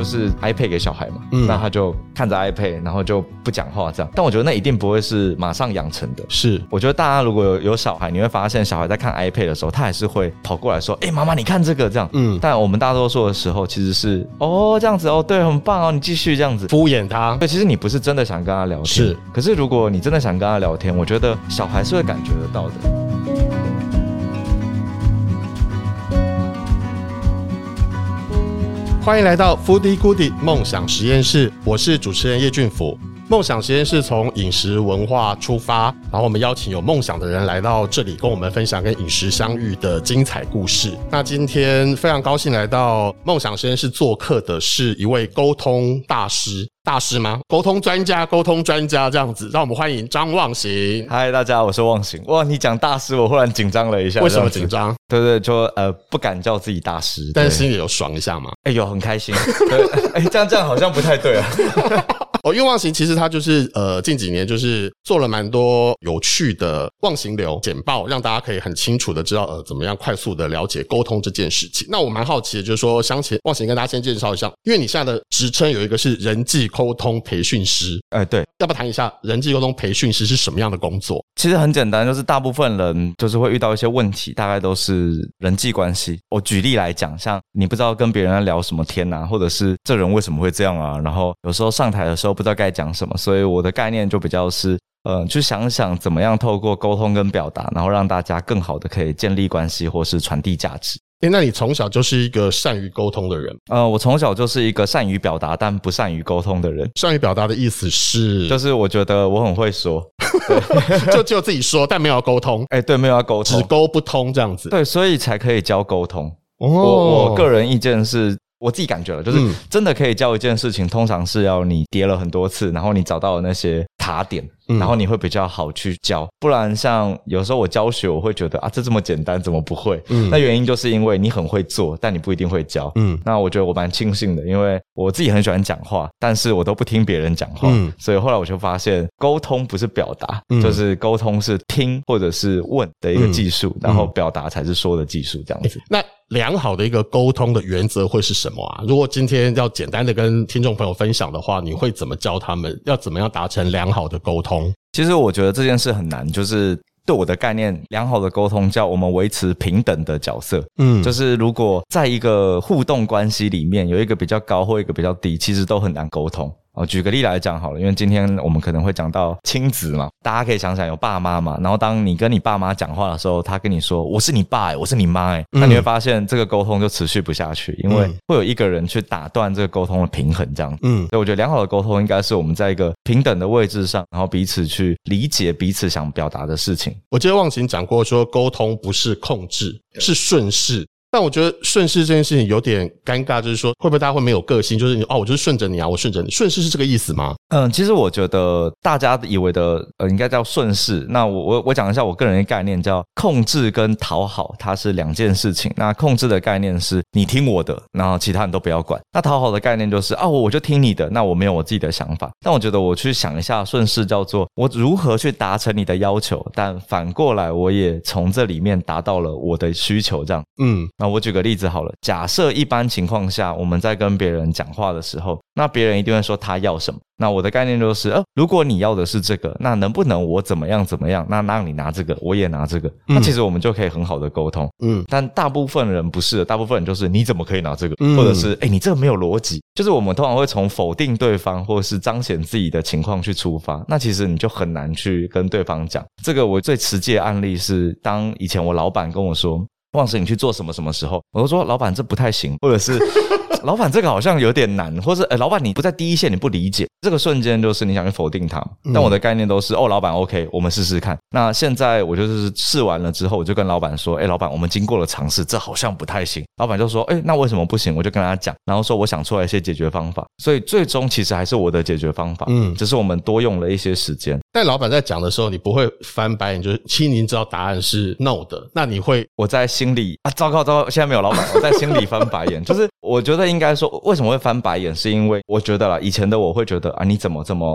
就是 iPad 給小孩嘛，嗯、那他就看着 iPad，然後就不講話這樣。但我覺得那一定不會是馬上養成的。是，我覺得大家如果有，有小孩，你會發現小孩在看 iPad 的時候，他還是會跑過來說：“哎、欸，媽媽你看這個這樣。”嗯，但我們大多數的時候其實是哦這樣子哦，對，很棒哦，你繼續這樣子敷衍他。對，其實你不是真的想跟他聊天。是，可是如果你真的想跟他聊天，我覺得小孩是會感覺得到的。嗯。歡迎來到 Foodie Goodie 夢想實驗室，我是主持人葉俊福。夢想實驗室從飲食文化出發，然後我們邀請有夢想的人來到這裡，跟我們分享跟飲食相遇的精彩故事。那今天非常高興來到夢想實驗室做客的是一位溝通大師。大師嗎？溝通專家，溝通專家這樣子，讓我們歡迎張忘形。嗨，大家，我是忘形。哇，你講大師，我忽然緊張了一下。為什麼緊張？對，對對，就呃不敢叫自己大師，但是心裡有爽一下嘛。哎呦、欸，很開心。哎、 欸，這樣這樣好像不太對啊。 哦，因為忘形其實他就是呃近幾年就是做了蠻多有趣的忘形流簡報，讓大家可以很清楚的知道呃怎麼樣快速的了解溝通這件事情。那我蠻好奇的就是說，想請忘形跟大家先介紹一下，因為你現在的職稱有一個是人際。溝通培訓師，哎，欸、對，要不談一下人際溝通培訓師是什麼樣的工作？其實很簡單，就是大部分人就是會遇到一些問題，大概都是人際關係。我舉例來講，像你不知道跟別人聊什麼天啊，或者是這人為什麼會這樣啊，然後有時候上台的時候不知道該講什麼，所以我的概念就比較是，呃，去想想怎麼樣透過溝通跟表達，然後讓大家更好的可以建立關係，或是傳遞價值。誒、欸、那你從小就是一個善於溝通的人？呃，我從小就是一個善於表達但不善於溝通的人。善於表達的意思是，就是我覺得我很會說， 就就自己說，但沒有溝通。哎、欸，對，沒有要溝通，只溝不通這樣子。對，所以才可以教溝通。哦、我我個人意見是，我自己感覺了，就是真的可以教一件事情，通常是要你跌了很多次，然後你找到了那些。卡點，然後你會比較好去教。嗯、不然像有時候我教學，我會覺得啊，這這麼簡單，怎麼不會？嗯、那原因就是因為你很會做，但你不一定會教。嗯，那我覺得我蠻慶幸的，因為我自己很喜歡講話，但是我都不聽別人講話，嗯、所以後來我就發現，溝通不是表達，嗯、就是溝通是聽或者是問的一個技術，嗯、然後表達才是說的技術，這樣子、嗯欸。那良好的一個溝通的原則會是什麼啊？如果今天要簡單的跟聽眾朋友分享的話，你會怎麼教他們要怎麼樣達成良好？好的溝通，其實我覺得這件事很難。就是對我的概念，良好的溝通叫我們維持平等的角色。嗯，就是如果在一個互動關係裡面有一個比較高或一個比較低，其實都很難溝通。哦，舉個例來講好了，因為今天我們可能會講到親子嘛，大家可以想想有爸媽嘛，然後當你跟你爸媽講話的時候，他跟你說我是你爸誒、欸、我是你媽哎、欸，嗯、那你會發現這個溝通就持續不下去，因為會有一個人去打斷這個溝通的平衡，這樣。嗯，所以我覺得良好的溝通應該是我們在一個平等的位置上，然後彼此去理解彼此想表達的事情。我記得忘形講過說，溝通不是控制，是順勢。但我覺得順勢這件事情有點尷尬，就是說會不會大家會沒有個性？就是你哦，我就是順着你啊，我順着你，順勢是這個意思嗎？嗯，其實我覺得大家以為的呃，應該叫順勢。那我我我講一下我個人的概念，叫控制跟討好，它是兩件事情。那控制的概念是，你聽我的，然後其他人都不要管。那討好的概念就是啊，我、哦、我就聽你的，那我沒有我自己的想法。但我覺得我去想一下順勢，叫做我如何去達成你的要求，但反過來我也從這裡面達到了我的需求，這樣。嗯。那我舉個例子好了，假設一般情況下我們在跟別人講話的時候，那別人一定會說他要什麼。那我的概念就是，呃，如果你要的是這個，那能不能我怎麼樣怎麼樣，那讓你拿這個，我也拿這個，那其實我們就可以很好的溝通。嗯，但大部分人不是的，大部分人就是你怎麼可以拿這個，嗯、或者是誒，欸、你這個沒有邏輯，就是我們通常會從否定對方或者是彰顯自己的情況去出發。那其實你就很難去跟對方講。這個我最實際的案例是，當以前我老闆跟我說。望是你去做什麼什麼時候，我就說，老闆這不太行，或者是老闆這個好像有點難，或者哎、欸、老闆你不在第一線，你不理解這個瞬間就是你想去否定他，但我的概念都是哦、喔、老闆 OK，我們試試看。那現在我就是試完了之後，我就跟老闆說、欸，哎老闆我們經過了嘗試，這好像不太行。老闆就說、欸，哎那為什麼不行？我就跟他講，然後說我想出來一些解決方法。所以最終其實還是我的解決方法，嗯，只是我們多用了一些時間。但老闆在講的時候，你不會翻白眼，就是其實你知道答案是 no 的，那你會我在。心裡啊，糟糕糟糕！現在沒有老板，我在心裡翻白眼。 就是我覺得應該說，為什麼會翻白眼，是因為我覺得了，以前的我會覺得啊，你怎麼怎麼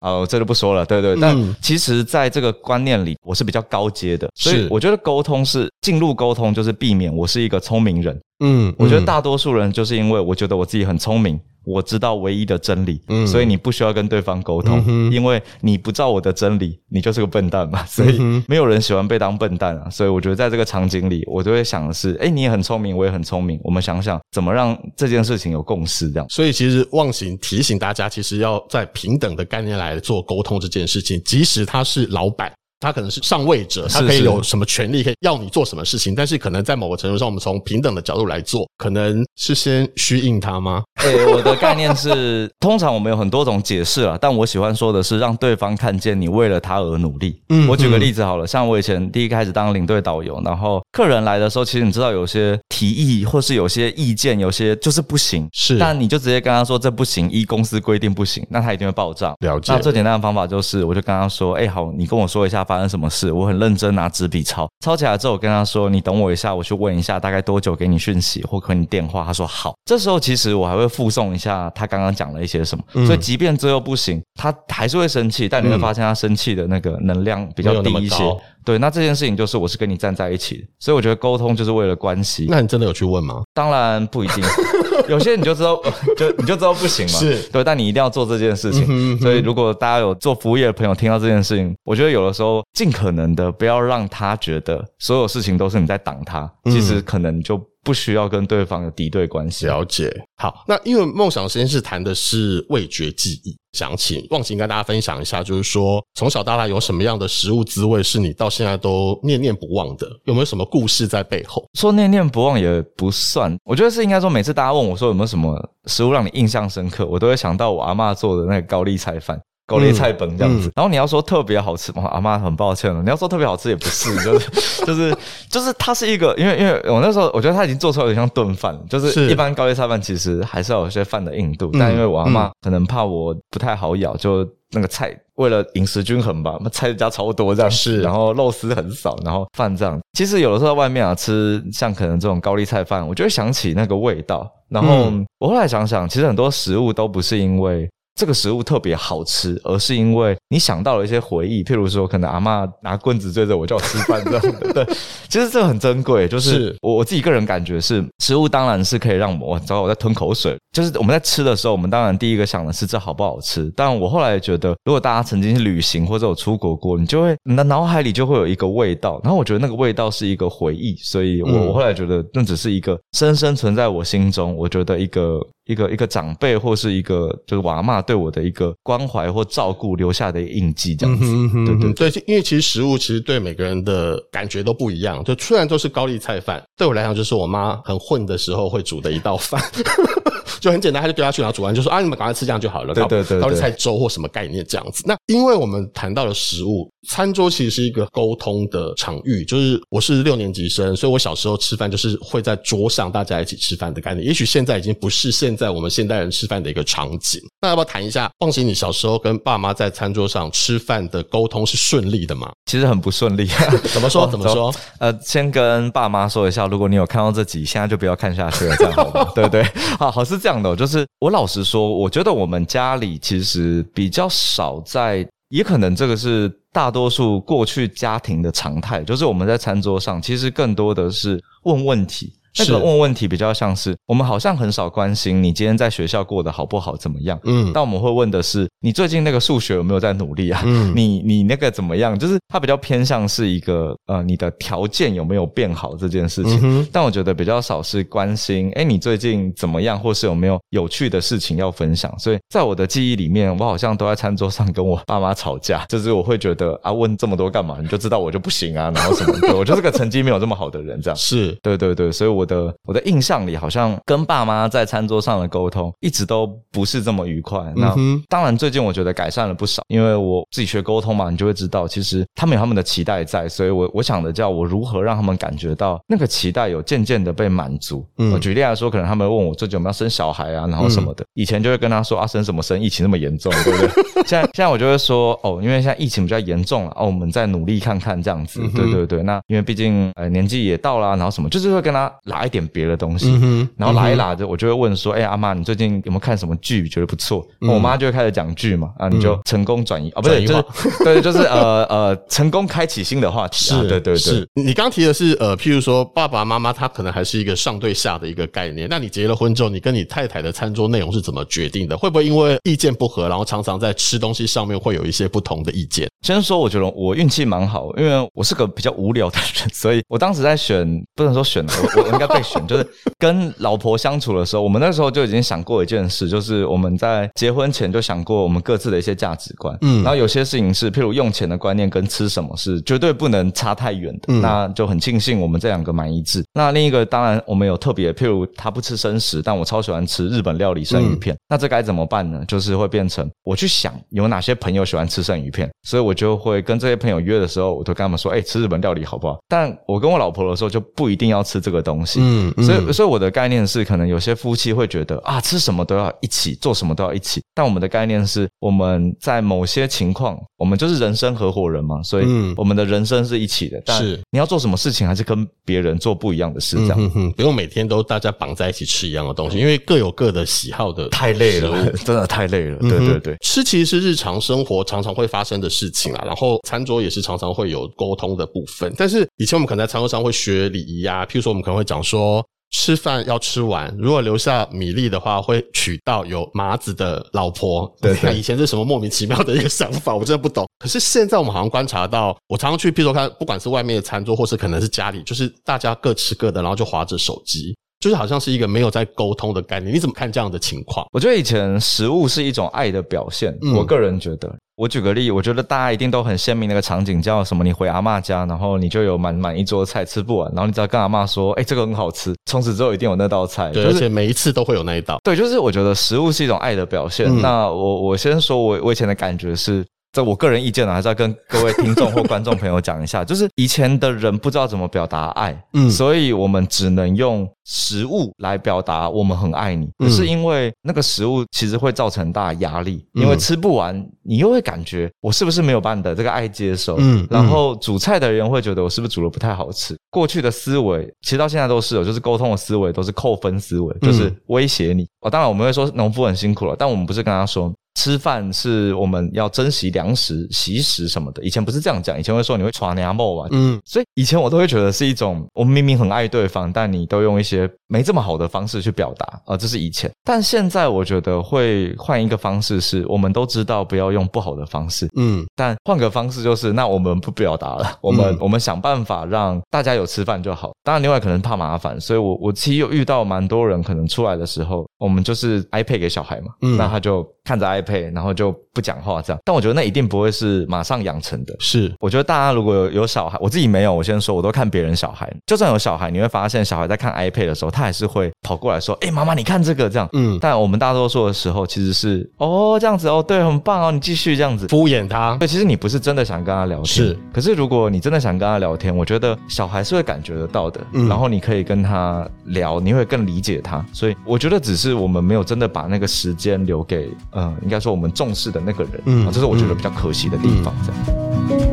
啊，這就不說了。對對，但其實，在這個觀念裡，我是比較高階的，所以我覺得溝通是進入溝通就是避免我是一個聰明人。嗯，我覺得大多數人就是因為我覺得我自己很聰明。我知道唯一的真理，所以你不需要跟對方溝通，嗯嗯、因為你不照我的真理，你就是個笨蛋嘛。所以沒有人喜歡被當笨蛋啊。所以我覺得在這個場景裡，我就會想的是，哎，你也很聰明，我也很聰明，我們想想怎麼讓這件事情有共識這樣。所以其實忘形提醒大家，其實要在平等的概念來做溝通這件事情，即使他是老闆。他可能是上位者，是是，他可以有什麼權利可以要你做什麼事情？但是可能在某個程度上，我們從平等的角度來做，可能是先虛應他嗎？對、欸、我的概念是， 通常我們有很多種解釋啦，但我喜歡說的是，讓對方看見你為了他而努力。嗯，嗯，我舉個例子好了，像我以前第一開始當領隊導遊，然後客人來的時候，其實你知道有些提議或是有些意見，有些就是不行，是，但你就直接跟他說這不行，依公司規定不行，那他一定會爆炸。了解。那最簡單的方法就是，我就跟他說，哎、欸，好，你跟我說一下，發生什麼事？我很認真拿紙筆抄，抄起來之後，我跟他說：“你等我一下，我去問一下大概多久給你訊息或給你電話。”他說：“好。”這時候其實我還會附送一下他剛剛講了一些什麼，所以即便最後不行，他還是會生氣。但你會發現他生氣的那個能量比較低一些。嗯。嗯對，那這件事情就是我是跟你站在一起的，所以我覺得溝通就是為了關係。那你真的有去問嗎？當然不一定， 有些你就知道，呃、就你就知道不行嘛，是。對，但你一定要做這件事情。嗯哼嗯哼。所以如果大家有做服務業的朋友聽到這件事情，我覺得有的時候盡可能的不要讓他覺得所有事情都是你在擋他，其實可能就、嗯。不需要跟對方有敵對關係。了解。好，那因為夢想食驗室談的是味覺記憶，想請忘形跟大家分享一下，就是說從小到大有什麼樣的食物滋味是你到現在都念念不忘的？有沒有什麼故事在背後？說念念不忘也不算，我覺得是應該說，每次大家問我說有沒有什麼食物讓你印象深刻，我都會想到我阿嬤做的那個高麗菜飯。高麗菜本這樣子，然後你要說特別好吃，我阿嬤很抱歉了。你要說特別好吃也不是，就是就是就是它是一個，因為因為我那時候我覺得它已經做出來有點像燉飯，就是一般高麗菜飯其實還是要有些飯的硬度，但因為我阿嬤可能怕我不太好咬，就那個菜為了飲食均衡吧，那菜加超多這樣，是然後肉絲很少，然後飯這樣。其實有的時候在外面啊吃，像可能這種高麗菜飯，我就會想起那個味道。然後我後來想想，其實很多食物都不是因為，這個食物特別好吃，而是因為你想到了一些回憶，譬如說，可能阿嬤拿棍子追着我叫我吃飯這樣的， 對，其實這很珍貴。就是我我自己個人感覺是，食物當然是可以讓我，我剛我在吞口水。就是我們在吃的時候，我們當然第一個想的是這好不好吃。但我後來覺得，如果大家曾經去旅行或者有出國過，你就會，你的腦海裡就會有一個味道。然後我覺得那個味道是一個回憶，所以我我後來覺得那只是一個深深存在我心中，我覺得一個一個一個長輩或是一個就是娃娃對我的一個關懷或照顧留下的印記，這樣子對對、嗯。對、嗯、對，因為其實食物其實對每個人的感覺都不一樣。就雖然都是高麗菜飯，對我來講就是我媽很混的時候會煮的一道飯。 就很簡單，他就丟下去，然後煮完就說：“啊，你們趕快吃這樣就好了。到底”對對對，對，到底菜粥或什麼概念這樣子。那因為我們談到了食物，餐桌其實是一個溝通的場域。就是我是六年級生，所以我小時候吃飯就是會在桌上大家一起吃飯的概念。也許現在已經不是現在我們現代人吃飯的一個場景。那要不要談一下？放心，你小時候跟爸媽在餐桌上吃飯的溝通是順利的嗎？其實很不順利、啊。 怎麼說？怎麼說？哦、呃，先跟爸媽說一下，如果你有看到這集，現在就不要看下去了，這樣好不好？ 對，對對？好好是這樣。就是我老實說，我覺得我們家裡其實比較少在，也可能這個是大多數過去家庭的常態，就是我們在餐桌上其實更多的是問問題。那個問問題比較像是，我們好像很少關心你今天在學校過得好不好怎麼樣，嗯，但我們會問的是你最近那個數學有沒有在努力啊，嗯。你你那個怎麼樣？就是他比較偏向是一個呃你的條件有沒有變好這件事情，但我覺得比較少是關心哎，你最近怎麼樣，或是有沒有有趣的事情要分享。所以在我的記憶裡面，我好像都在餐桌上跟我爸媽吵架，就是我會覺得啊問這麼多幹嘛？你就知道我就不行啊，然後什麼的。我就是個成績沒有這麼好的人這樣，是對對對，所以我。的我的印象裡，好像跟爸媽在餐桌上的溝通一直都不是這麼愉快。那當然，最近我覺得改善了不少，因為我自己學溝通嘛，你就會知道，其實他們有他們的期待在，所以我我想的，叫我如何讓他們感覺到那個期待有漸漸的被滿足。嗯，舉例來說，可能他們問我最近有沒有生小孩啊，然後什麼的，以前就會跟他說啊，生什麼生，疫情那麼嚴重，對不對？現在現在我就會說哦，因為現在疫情比較嚴重了，啊，哦，我們再努力看看這樣子，對對對，對。那因為畢竟呃、哎、年紀也到了，啊，然後什麼，就是會跟他。打一點別的東西，嗯、哼然後來一來，我就會問說：“哎、嗯哼，阿、欸啊、媽，你最近有沒有看什麼劇，覺得不錯、嗯哦？”我媽就會開始講劇嘛，啊，你就成功轉移哦、嗯啊，不是,、就是，對，就是 呃呃，成功開啟新的話題、啊。是，對,對,對，對，對你剛提的是呃，譬如說爸爸媽媽他可能還是一個上對下的一個概念，那你結了婚之後，你跟你太太的餐桌內容是怎麼決定的？會不會因為意見不合，然後常常在吃東西上面會有一些不同的意見？先說，我覺得我運氣蠻好，因為我是個比較無聊的人，所以我當時在選，不能說選，我我應該被選，就是跟老婆相處的時候，我們那時候就已經想過一件事，就是我們在結婚前就想過我們各自的一些價值觀，嗯，然後有些事情是，譬如用錢的觀念跟吃什麼是絕對不能差太遠的，嗯、那就很慶幸我們這兩個蠻一致。那另一個當然我們有特別，譬如他不吃生食，但我超喜歡吃日本料理生魚片，嗯、那這該怎麼辦呢？就是會變成我去想有哪些朋友喜歡吃生魚片，所以我。就會跟這些朋友約的時候，我都跟他們說：“哎、欸，吃日本料理好不好？”但我跟我老婆的時候就不一定要吃這個東西。嗯，嗯所以所以我的概念是，可能有些夫妻會覺得啊，吃什麼都要一起，做什麼都要一起。但我們的概念是，我們在某些情況，我們就是人生合夥人嘛，所以嗯，我們的人生是一起的。但是，你要做什麼事情，還是跟別人做不一樣的事。這樣不用、嗯、每天都大家綁在一起吃一樣的東西，因為各有各的喜好的，太累了，物真的太累了。對對對，對，吃其實是日常生活常常會發生的事情。然後餐桌也是常常會有溝通的部分，但是以前我們可能在餐桌上會學禮儀啊，譬如說我們可能會講說吃飯要吃完，如果留下米粒的話會娶到有麻子的老婆。對對，以前是什麼莫名其妙的一個想法，我真的不懂。可是現在我們好像觀察到，我常常去譬如說看，不管是外面的餐桌，或是可能是家裡，就是大家各吃各的，然後就滑着手機，就是好像是一個沒有在溝通的概念。你怎麼看這樣的情況？嗯。我覺得以前食物是一種愛的表現，我個人覺得。我舉個例，我覺得大家一定都很鮮明那個場景叫什麼？你回阿嬤家，然後你就有滿滿一桌菜吃不完，然後你只要跟阿嬤說，哎、欸，這個很好吃，從此之後一定有那道菜，對，就是、而且每一次都會有那一道。對，就是我覺得食物是一種愛的表現。嗯、那我我先說我，我我以前的感覺是。這我個人意見呢、啊，還是要跟各位聽眾或觀眾朋友講一下， 就是以前的人不知道怎麼表達愛，嗯，所以我們只能用食物來表達我們很愛你，不、嗯、是因為那個食物其實會造成大壓力，嗯、因為吃不完，你又會感覺我是不是沒有把你的這個愛接受？嗯，然後煮菜的人會覺得我是不是煮得不太好吃？嗯、過去的思維其實到現在都是有，就是溝通的思維都是扣分思維，就是威脅你。嗯、哦，當然我們會說農夫很辛苦了，但我們不是跟他說。吃飯是我們要珍惜糧食、惜食什麼的。以前不是這樣講，以前會說你會耍阿某吧？嗯，所以以前我都會覺得是一種，我們明明很愛對方，但你都用一些沒這麼好的方式去表達啊、呃，這是以前。但現在我覺得會換一個方式是，是我們都知道不要用不好的方式，嗯，但換個方式就是，那我們不表達了，我們、嗯、我們想辦法讓大家有吃飯就好。當然，另外可能怕麻煩，所以我我其實有遇到蠻多人，可能出來的時候，我們就是 iPad 給小孩嘛，那、嗯、他就看着 iPad。配，然後就不講話這樣，但我覺得那一定不會是馬上養成的。是，我覺得大家如果有，有小孩，我自己沒有，我先說，我都看別人小孩。就算有小孩，你會發現小孩在看 iPad 的時候，他還是會跑過來說：“哎，媽媽，你看這個。”這樣，嗯。但我們大多數的時候其實是哦這樣子哦，對，很棒哦，你繼續這樣子敷衍他。對，其實你不是真的想跟他聊天。是，可是如果你真的想跟他聊天，我覺得小孩是會感覺得到的。嗯。然後你可以跟他聊，你會更理解他。所以我覺得只是我們沒有真的把那個時間留給，嗯、呃，應該。但是我們重視的那個人，嗯，這是我覺得比較可惜的地方。這樣、嗯，對的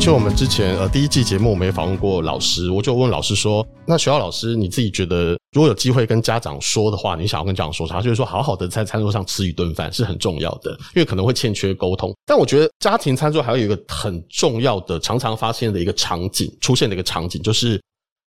確，我們之前呃第一季節目我們也訪問過老師，我就問老師說：“那學校老師你自己覺得，如果有機會跟家長說的話，你想要跟家長說啥？”就是說，好好的在餐桌上吃一頓飯是很重要的，因為可能會欠缺溝通。但我覺得家庭餐桌還有一個很重要的、常常發現的一個場景出現的一個場景就是。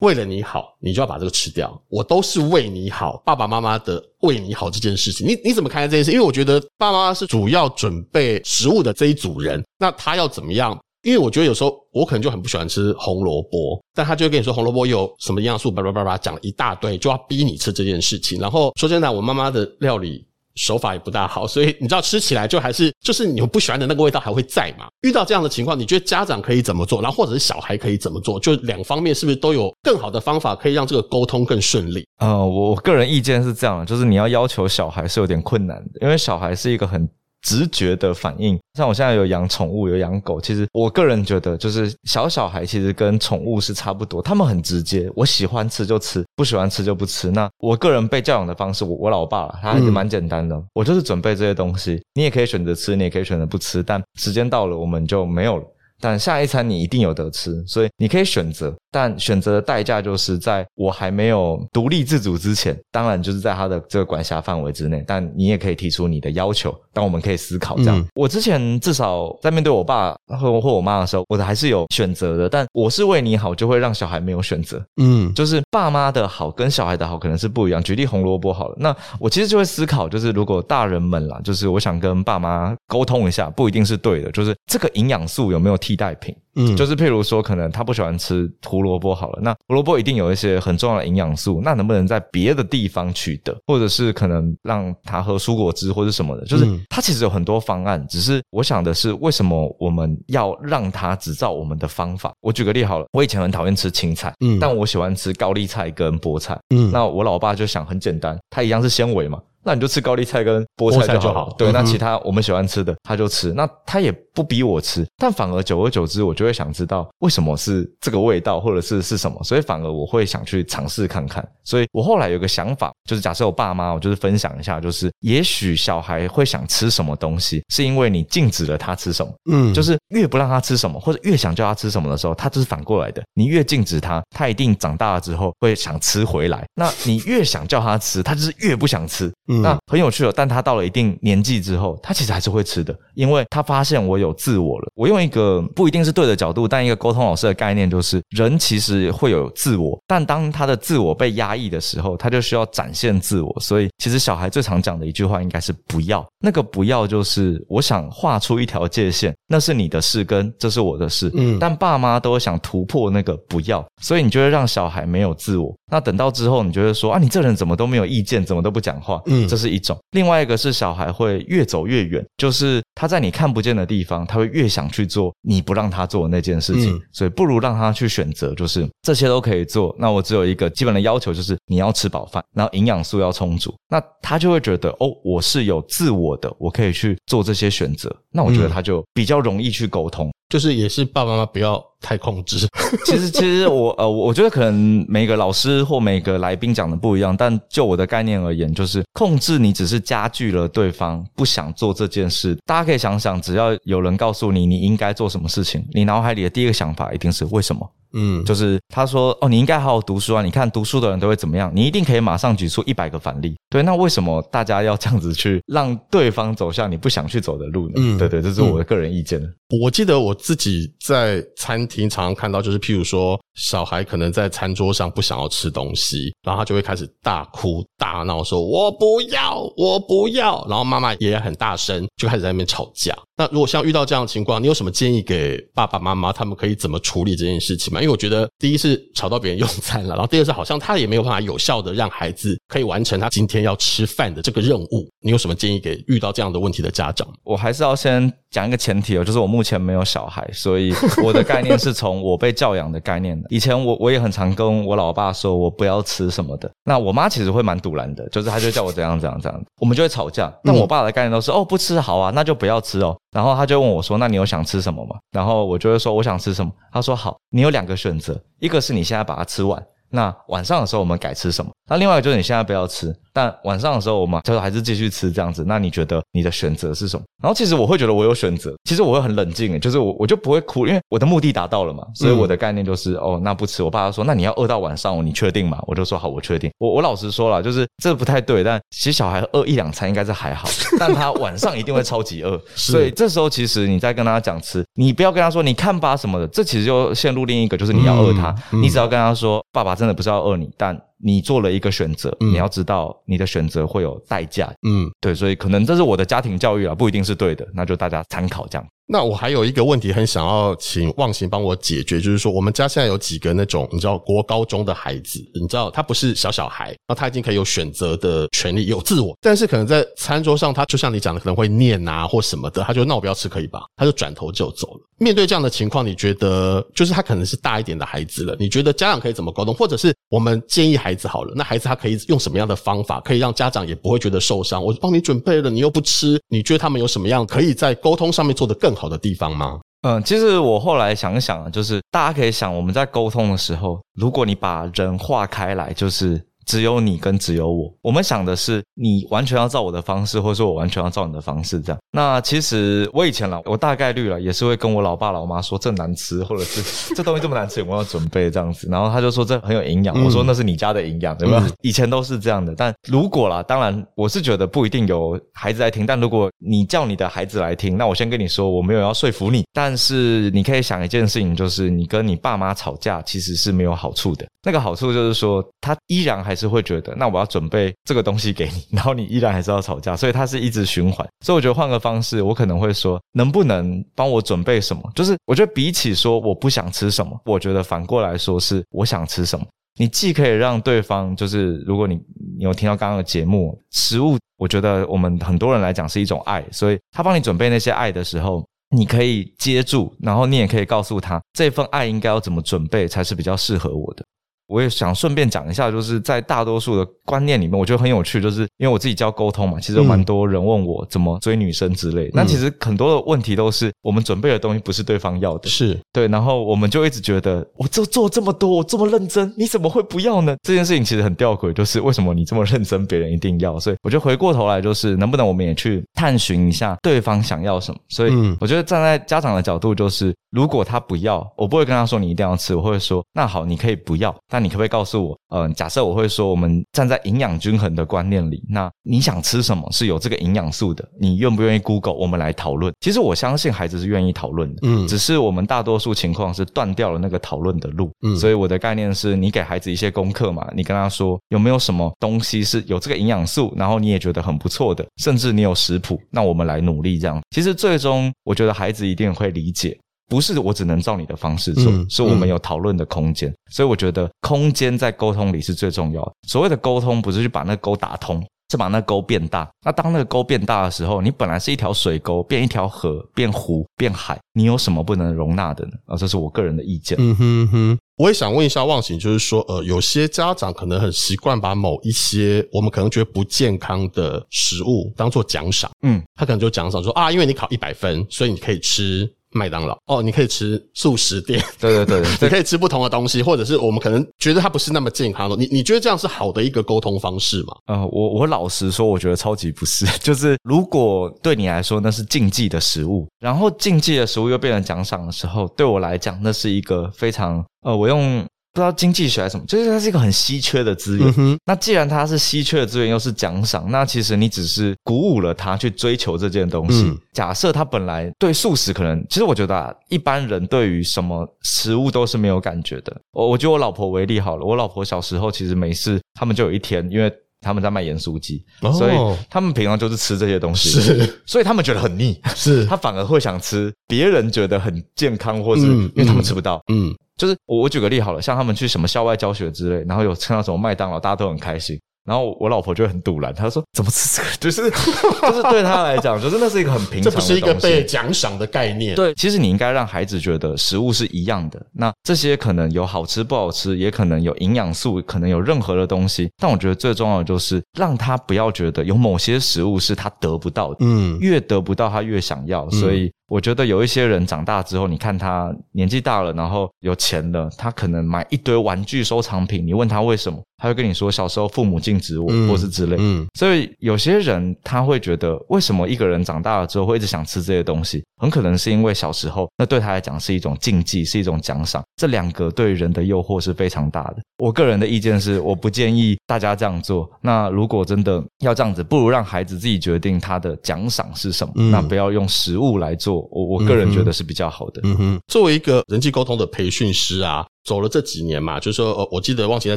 為了你好，你就要把這個吃掉。我都是為你好，爸爸媽媽的為你好這件事情，你你怎麼看待這件事？因為我覺得爸爸媽媽是主要準備食物的這一組人，那他要怎麼樣？因為我覺得有時候我可能就很不喜歡吃紅蘿蔔，但他就會跟你說紅蘿蔔有什麼營養素，叭叭叭叭講了一大堆，就要逼你吃這件事情。然後說真的，我媽媽的料理。手法也不大好，所以你知道吃起來就還是就是你不喜歡的那個味道還會在嘛。遇到這樣的情況，你覺得家長可以怎麼做？然後或者是小孩可以怎麼做？就兩方面是不是都有更好的方法可以讓這個溝通更順利？呃，我個人意見是這樣，就是你要要求小孩是有點困難的，因為小孩是一個很。直覺的反應，像我現在有養寵物，有養狗。其實我個人覺得，就是小小孩其實跟寵物是差不多，他們很直接。我喜歡吃就吃，不喜歡吃就不吃。那我個人被教養的方式，我我老爸他還是蠻簡單的，嗯、我就是準備這些東西，你也可以選擇吃，你也可以選擇不吃。但時間到了，我們就沒有了。但下一餐你一定有得吃，所以你可以選擇，但選擇的代價就是在我還沒有獨立自主之前，當然就是在他的這個管轄範圍之內。但你也可以提出你的要求，但我們可以思考這樣。嗯，我之前至少在面對我爸和我或和我媽的時候，我的還是有選擇的。但我是為你好，就會讓小孩沒有選擇。嗯，就是爸媽的好跟小孩的好可能是不一樣。舉例紅蘿蔔好了，那我其實就會思考，就是如果大人們啦，就是我想跟爸媽溝通一下，不一定是對的，就是這個營養素有沒有提？替代品，嗯，就是譬如說，可能他不喜歡吃胡蘿蔔好了，那胡蘿蔔一定有一些很重要的營養素，那能不能在別的地方取得，或者是可能讓他喝蔬果汁，或者什麼的，就是他其實有很多方案。只是我想的是，為什麼我們要讓他只照我們的方法？我舉個例好了，我以前很討厭吃青菜，嗯，但我喜歡吃高麗菜跟菠菜，嗯，那我老爸就想很簡單，它一樣是纖維嘛。那你就吃高麗菜跟菠菜就好，對，那其他我們喜歡吃的他就吃，那他也不逼我吃，但反而久而久之，我就會想知道為什麼是這個味道，或者是是什麼，所以反而我會想去嘗試看看。所以我後來有個想法，就是假設我爸媽，我就是分享一下，就是也許小孩會想吃什麼東西，是因為你禁止了他吃什麼，嗯，就是越不讓他吃什麼，或者越想叫他吃什麼的時候，他就是反過來的。你越禁止他，他一定長大了之後會想吃回來。那你越想叫他吃，他就是越不想吃。那很有趣了，但他到了一定年紀之後，他其實還是會吃的，因為他發現我有自我了。我用一個不一定是對的角度，但一個溝通老師的概念就是，人其實會有自我，但當他的自我被壓抑的時候，他就需要展現自我。所以，其實小孩最常講的一句話應該是“不要”，那個“不要”就是我想畫出一條界限，那是你的事，跟這是我的事。嗯。但爸媽都想突破那個“不要”，所以你就會讓小孩沒有自我。那等到之後，你就會說啊，你這人怎麼都沒有意見，怎麼都不講話？嗯這是一種，另外一個是小孩會越走越遠，就是他在你看不見的地方，他會越想去做你不讓他做的那件事情，所以不如讓他去選擇，就是這些都可以做，那我只有一個基本的要求，就是你要吃飽飯，然後營養素要充足，那他就會覺得哦，我是有自我的，我可以去做這些選擇，那我覺得他就比較容易去溝通，就是也是爸爸媽媽不要。太控制， 其實其實我呃，我覺得可能每個老師或每個來賓講的不一樣，但就我的概念而言，就是控制你只是加劇了對方不想做這件事。大家可以想想，只要有人告訴你你應該做什麼事情，你腦海裡的第一個想法一定是為什麼？嗯，就是他說哦，你應該好好讀書啊，你看讀書的人都會怎麼樣，你一定可以馬上舉出一百個反例。對，那為什麼大家要這樣子去讓對方走向你不想去走的路呢？嗯，對，對對，這是我的個人意見。嗯，我記得我自己在參平常看到就是，譬如說，小孩可能在餐桌上不想要吃東西，然後他就會開始大哭大鬧，說“我不要，我不要”，然後媽媽也很大聲，就開始在那邊吵架。那如果像遇到這樣的情況，你有什麼建議給爸爸媽媽，他們可以怎麼處理這件事情嗎？因為我覺得，第一是吵到別人用餐了，然後第二是好像他也沒有辦法有效的讓孩子可以完成他今天要吃飯的這個任務。你有什麼建議給遇到這樣的問題的家長？我還是要先講一個前提哦，就是我目前沒有小孩，所以我的概念是從我被教養的概念的。以前我我也很常跟我老爸說我不要吃什麼的，那我媽其實會蠻堵攔的，就是她就會叫我這樣這樣這樣，我們就會吵架。那我爸的概念都是哦，不吃好啊，那就不要吃哦。然後他就問我說：“那你有想吃什麼嗎？”然後我就會說：“我想吃什麼。”他說：“好，你有兩個選擇，一個是你現在把它吃完，那晚上的時候我們改吃什麼。”那另外一個就是你現在不要吃，但晚上的時候我們就還是繼續吃這樣子。那你覺得你的選擇是什麼？然後其實我會覺得我有選擇，其實我會很冷靜，就是我我就不會哭，因為我的目的達到了嘛。所以我的概念就是、嗯、哦，那不吃。我爸說那你要餓到晚上，你確定嗎？我就說好，我確定。我我老實說啦，就是這不太對。但其實小孩餓一兩餐應該是還好， 但他晚上一定會超級餓。是所以這時候其實你在跟他講吃，你不要跟他說你看吧什麼的，這其實就陷入另一個，就是你要餓他。嗯嗯、你只要跟他說，爸爸真的不是要餓你，但。你做了一個選擇，嗯、你要知道你的選擇會有代價，嗯，對，所以可能這是我的家庭教育啊，不一定是對的，那就大家參考這樣。那我還有一個問題很想要請忘形幫我解決，就是說我們家現在有幾個那種你知道國高中的孩子，你知道他不是小小孩，那他已經可以有選擇的權利，有自我，但是可能在餐桌上，他就像你講的，可能會念啊或什麼的，他就鬧不要吃可以吧，他就轉頭就走了。面對這樣的情況，你覺得就是他可能是大一點的孩子了，你覺得家長可以怎麼溝通，或者是我們建議孩？孩子好了，那孩子他可以用什麼樣的方法可以讓家長也不會覺得受傷？我幫你準備了，你又不吃，你覺得他們有什麼樣可以在溝通上面做得更好的地方嗎？嗯，其實我後來想一想，就是大家可以想，我們在溝通的時候，如果你把人化開來，就是。只有你跟只有我，我們想的是你完全要照我的方式，或者說我完全要照你的方式這樣。那其實我以前老，我大概率啦也是會跟我老爸老媽說這難吃，或者是 這東西這麼難吃，有沒有要準備這樣子。然後他就說這很有營養，我說那是你家的營養，對吧、嗯？以前都是這樣的。但如果啦，當然我是覺得不一定有孩子來聽。但如果你叫你的孩子來聽，那我先跟你說，我沒有要說服你。但是你可以想一件事情，就是你跟你爸媽吵架其實是沒有好處的。那個好處就是說，他依然還。是會覺得，那我要準備這個東西給你，然後你依然還是要吵架，所以他是一直循環。所以我覺得換個方式，我可能會說，能不能幫我準備什麼？就是我覺得比起說我不想吃什麼，我覺得反過來說是我想吃什麼。你既可以讓對方，就是如果你有聽到剛剛的節目，食物，我覺得我們很多人來講是一種愛，所以他幫你準備那些愛的時候，你可以接住，然後你也可以告訴他這份愛應該要怎麼準備，才是比較適合我的。我也想順便講一下，就是在大多數的觀念裡面，我覺得很有趣，就是因為我自己教溝通嘛，其實蠻多人問我怎麼追女生之類。那其實很多的問題都是我們準備的東西不是對方要的，是對。然後我們就一直覺得，我就做這麼多，我這麼認真，你怎麼會不要呢？這件事情其實很吊詭，就是為什麼你這麼認真，別人一定要？所以我就回過頭來，就是能不能我們也去探尋一下對方想要什麼？所以我覺得站在家長的角度，就是如果他不要，我不會跟他說你一定要吃，我會說那好，你可以不要。那你可不可以告訴我，嗯、呃，假設我會說，我們站在營養均衡的觀念裡，那你想吃什麼是有這個營養素的，你願不願意 Google？我們來討論。其實我相信孩子是願意討論的，嗯，只是我們大多數情況是斷掉了那個討論的路，嗯，所以我的概念是，你給孩子一些功課嘛，你跟他說有沒有什麼東西是有這個營養素，然後你也覺得很不錯的，甚至你有食譜，那我們來努力這樣。其實最終我覺得孩子一定會理解。不是我只能照你的方式做，嗯、是我們有討論的空間，嗯、所以我覺得空間在溝通裡是最重要的。所謂的溝通，不是去把那溝打通，是把那溝變大。那當那個溝變大的時候，你本來是一條水溝，變一條河，變湖，變海，你有什麼不能容納的呢？啊，這是我個人的意見。嗯哼哼，我也想問一下忘形，就是說，呃，有些家長可能很習慣把某一些我們可能覺得不健康的食物當做獎賞，嗯，他可能就獎賞說啊，因為你考一百分，所以你可以吃。麥當勞哦，你可以吃速食店，對，對對對，對，你可以吃不同的東西，或者是我們可能覺得它不是那麼健康的。你你覺得這樣是好的一個溝通方式嗎？呃，我我老實說，我覺得超級不是。就是如果對你來說那是禁忌的食物，然後禁忌的食物又變成獎賞的時候，對我來講，那是一個非常呃，我用。不知道經濟學還是什麼，就是它是一個很稀缺的資源。嗯、哼那既然它是稀缺的資源，又是獎賞，那其實你只是鼓舞了他去追求這件東西。嗯、假設他本來對素食可能，其實我覺得啊，一般人對於什麼食物都是沒有感覺的。我，我覺得我老婆為例好了，我老婆小時候其實沒事，他們就有一天，因為他們在賣鹽酥雞，哦、所以他們平常就是吃這些東西，是所以他們覺得很膩，是 他反而會想吃別人覺得很健康，或者因為他們吃不到，嗯。嗯嗯就是我，我舉個例好了，像他們去什麼校外教學之類，然後有吃到什麼麥當勞，大家都很開心。然後我老婆就很賭爛，她說：“怎麼吃這個？”就是就是對他來講，就是那是一個很平常的，這不是一個被獎賞的概念。對，其實你應該讓孩子覺得食物是一樣的。那這些可能有好吃不好吃，也可能有營養素，可能有任何的東西。但我覺得最重要的就是讓他不要覺得有某些食物是他得不到的。嗯，越得不到他越想要，所以。我覺得有一些人長大之後，你看他年紀大了，然後有錢了，他可能買一堆玩具收藏品。你問他為什麼，他會跟你說小時候父母禁止我，或是之類。嗯，所以有些人他會覺得，為什麼一個人長大了之後會一直想吃這些東西？很可能是因為小時候那對他來講是一種禁忌，是一種獎賞。這兩個對人的誘惑是非常大的。我個人的意見是，我不建議大家這樣做。那如果真的要這樣子，不如讓孩子自己決定他的獎賞是什麼，那不要用食物來做。我我個人覺得是比較好的。嗯哼，嗯哼，作為一個人際溝通的培訓師啊，走了這幾年嘛，就是說，呃，我記得忘形在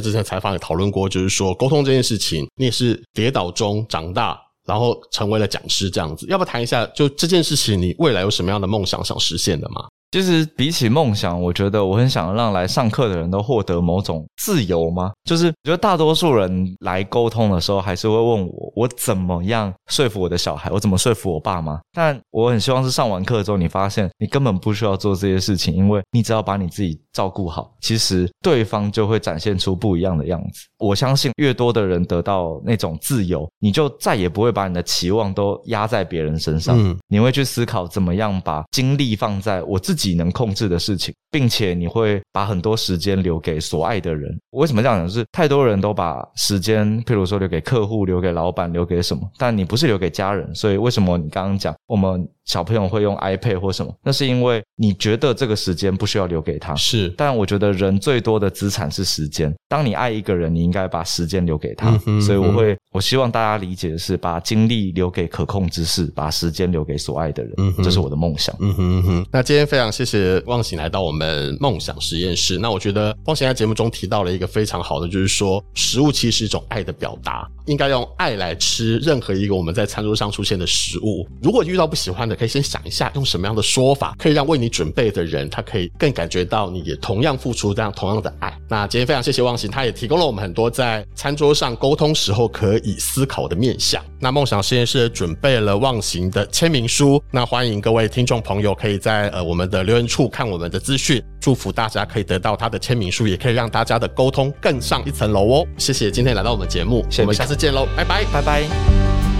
之前採訪也討論過，就是說溝通這件事情，你也是跌倒中長大，然後成為了講師這樣子。要不談一下？就這件事情，你未來有什麼樣的夢想想實現的嗎？其實比起夢想，我覺得我很想讓來上課的人都獲得某種自由嗎？就是我覺得大多數人來溝通的時候，還是會問我，我怎麼樣說服我的小孩，我怎麼說服我爸媽？但我很希望是上完課之後，你發現你根本不需要做這些事情，因為你只要把你自己。照顧好，其實對方就會展現出不一樣的樣子。我相信，越多的人得到那種自由，你就再也不會把你的期望都壓在別人身上。嗯，你會去思考怎麼樣把精力放在我自己能控制的事情，並且你會把很多時間留給所愛的人。我為什麼這樣講？就是太多人都把時間，譬如說留給客戶、留給老闆、留給什麼，但你不是留給家人。所以，為什麼你剛剛講我們小朋友會用 iPad 或什麼？那是因為你覺得這個時間不需要留給他。是。但我覺得人最多的資產是時間。當你愛一個人，你應該把時間留給他。嗯哼嗯，所以我會，我希望大家理解的是，把精力留給可控之事，把時間留給所愛的人。嗯、哼 這是我的夢想。嗯哼嗯哼。那今天非常謝謝忘形來到我們夢想食驗室。那我覺得忘形在節目中提到了一個非常好的，就是說食物其實是一種愛的表達，應該用愛來吃任何一個我們在餐桌上出現的食物。如果遇到不喜歡的，可以先想一下用什麼樣的說法可以讓為你準備的人他可以更感覺到你同樣付出這樣同樣的愛。那今天非常謝謝忘形，他也提供了我們很多在餐桌上溝通時候可以思考的面向。那夢想食驗室準備了忘形的簽名書，那歡迎各位聽眾朋友可以在呃我們的留言處看我們的資訊，祝福大家可以得到他的簽名書，也可以讓大家的溝通更上一層樓哦。謝謝今天來到我們節目，下我們下次見嘍，拜拜拜拜。拜拜